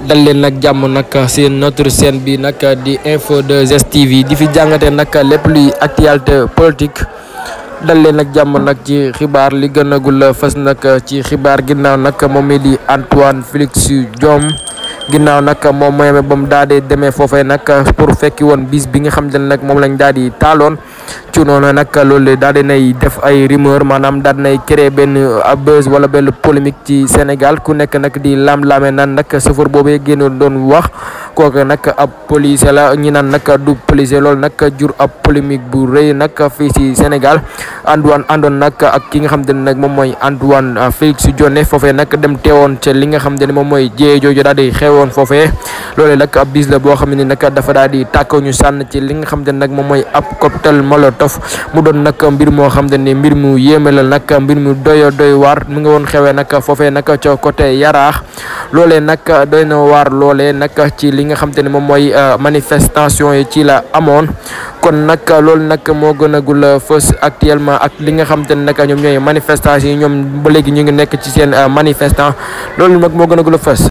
dal leen nag jàmm nag seen notre chaîne bi nag di info 2S TV di fi jàngatee nag lépp luy actualité politique dal leen nag jàmm nag ci xibaar li gën agul fës nag ci xibaar ginnaaw nag moom mi di Antoine Félix Diome ginnaaw nag moom mooy amee ba mu daal demee foofee nag pour fekki woon biis bi nga xam ne nag moom lañ daal di taaloon. ci noonu nag loolu daal di nay def ay rumeur maanaam daal di nay créer benn buzz wala benn polémique ci Sénégal ku nekk nag di lam-lame nan nag chauffeur boobee génn doon wax kooku nag ab policier la ñi naan nag du policier loolu nag jur ab polémique bu rëy nag fii ci Sénégal Antoine àndoon nag ak ki nga xam te ne nag moom mooy Antoine Félix Diome foofee nag dem teewoon ci li nga xam te ne moom mooy jéye jooju daal di xewoon foofee loolee nag ab bis la boo xam ne nag dafa daal di tàkk ñu sànn ci li nga xam te ne nag moom mooy ab cocktail molotov taf mu doon nag mbir moo xam ni mbir mu yéeme la nag mbir mu doy doy waar mu nga woon xewee nag foofee nag ca côté yaraax loolee nag doy na waar loolee nag ci li nga xam ne moom mooy euh, manifestation yi ci la amoon kon nag loolu nag moo gën a gul fës actuellement ak li nga xam te nag ñoom ñooy manifestation yi ñoom ba léegi ñu ngi nekk ci seen euh, manifestant loolu nag moo gën a gul fës